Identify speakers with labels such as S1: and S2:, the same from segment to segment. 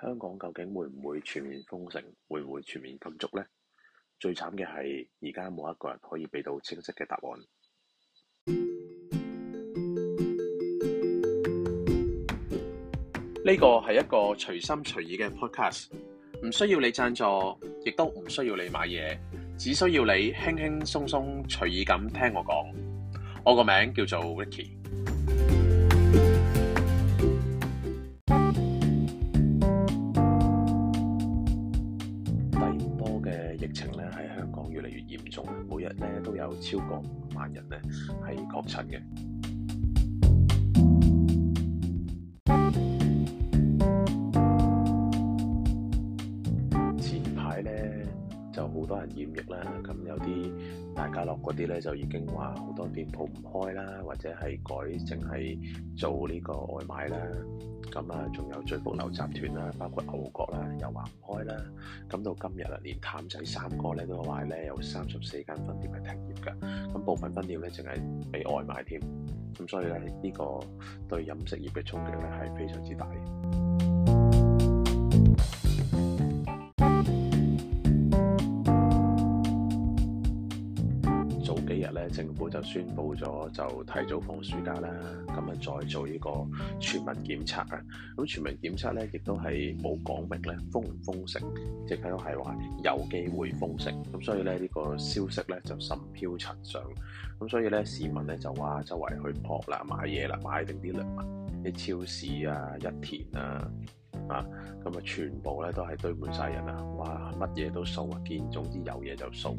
S1: 香港究竟會唔會全面封城？會唔會全面禁足呢？最慘嘅係而家冇一個人可以俾到清晰嘅答案。呢個係一個隨心隨意嘅 podcast，唔需要你贊助，亦都唔需要你買嘢，只需要你輕輕鬆鬆隨意咁聽我講。我個名叫做 Ricky。越嚟越嚴重，每日咧都有超過五萬人咧係確診嘅。 前排咧就好多人染疫啦，咁有啲，大家樂嗰啲咧，就已經話好多店鋪唔開啦，或者係改，淨係做呢個外賣啦。咁啊，仲有聚福樓集團啦，包括牛角啦，又話唔開啦。咁到今日啊，連譚仔三個咧都話咧有三十四間分店係停業㗎。咁部分分店咧淨係俾外賣添。咁所以咧呢個對飲食業嘅衝擊咧係非常之大。早幾日咧，政府就宣布咗就提早放暑假啦。今日再做呢個全民檢測啊，咁全民檢測咧，亦都係冇講明咧封唔封城，即係都係話有機會封城。咁所以咧呢個消息咧就甚囂塵上。咁所以咧市民咧就話周圍去撲啦買嘢啦，買定啲糧，啲超市啊一田啊啊，咁啊全部咧都係堆滿晒人啊！哇，乜嘢都掃啊見，總之有嘢就掃。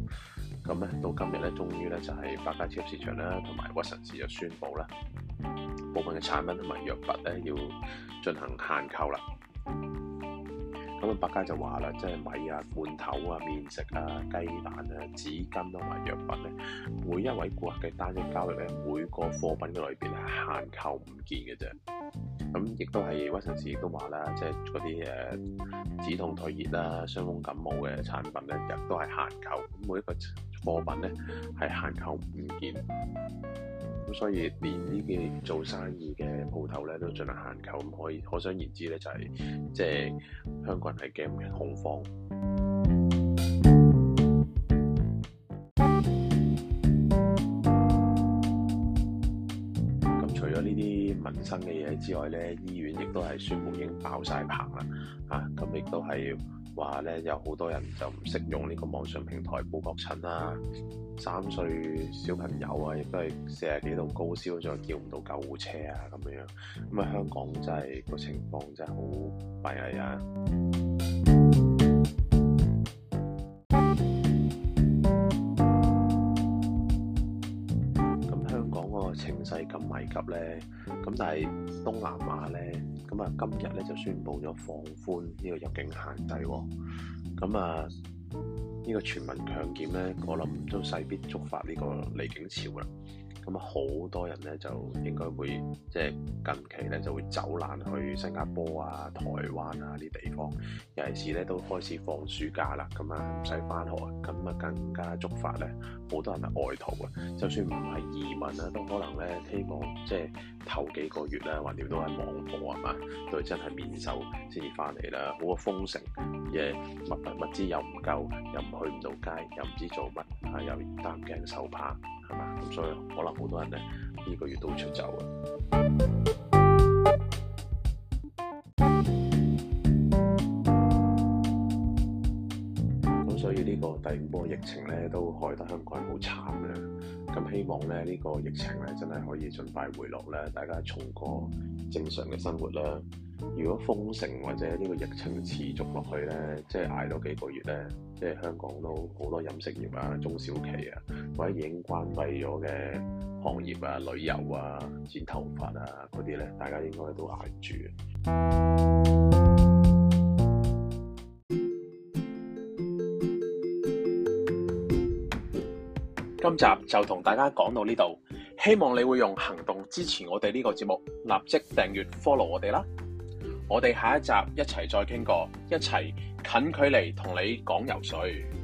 S1: 咁咧到今日咧，終於咧就係百佳超級市場咧，同埋屈臣氏就宣布啦，部分嘅產品同埋藥物咧要進行限購啦。咁啊，百佳就話啦，即係米啊、罐頭啊、麵食啊、雞蛋啊、紙巾同埋藥品咧，每一位顧客嘅單一交易咧，每個貨品嘅裏邊係限購唔見嘅啫。咁亦、嗯、都係屈臣氏亦都話啦，即係嗰啲誒止痛退熱啦、傷風感冒嘅產品咧，亦都係限購。咁每一個貨品咧係限購五件。咁所以連呢啲做生意嘅鋪頭咧都進行限購，咁可以可想而知咧就係、是、即係香港人係幾咁恐慌。民生嘅嘢之外咧，醫院亦都係宣佈已經爆曬棚啦，啊，咁亦都係話咧，有好多人就唔識用呢個網上平台報國診啦、啊，三歲小朋友啊，亦都係四十幾度高燒，再叫唔到救護車啊，咁樣，咁啊、嗯嗯嗯嗯、香港真係個情況真係好閉翳啊！咁危急咧，咁但係東南亞咧，咁啊今日咧就宣布咗放寬呢個入境限制喎，咁、嗯、啊、這個、呢個全民強檢咧，我諗都勢必觸發呢個離境潮啦。咁好多人咧就應該會即係近期咧就會走難去新加坡啊、台灣啊啲地方，尤其是咧都開始放暑假啦，咁啊唔使翻學，咁啊更加觸發咧好多人外逃啊！就算唔係移民啊，都可能咧希望即係頭幾個月咧，橫掂都喺網課係嘛，到真係面授先至翻嚟啦。好過封城嘅、yeah, 物品物，物資又唔夠，又唔去唔到街，又唔知做乜啊，又擔驚受怕。係嘛？咁、嗯、所以可能好多人呢，呢、呢個月都會出走啊。咁、嗯、所以呢個第五波疫情咧都害得香港人好慘嘅。咁、嗯、希望咧呢、呢個疫情咧真係可以盡快回落咧，大家重過正常嘅生活啦。如果封城或者呢個疫情持續落去呢，即係挨到幾個月呢，即係香港都好多飲食業啊、中小企啊，或者已經關閉咗嘅行業啊、旅遊啊、剪頭髮啊嗰啲呢，大家應該都挨唔住。今集就同大家講到呢度，希望你會用行動支持我哋呢個節目，立即訂閱 follow 我哋啦。我哋下一集一齊再傾過，一齊近距離同你講游水。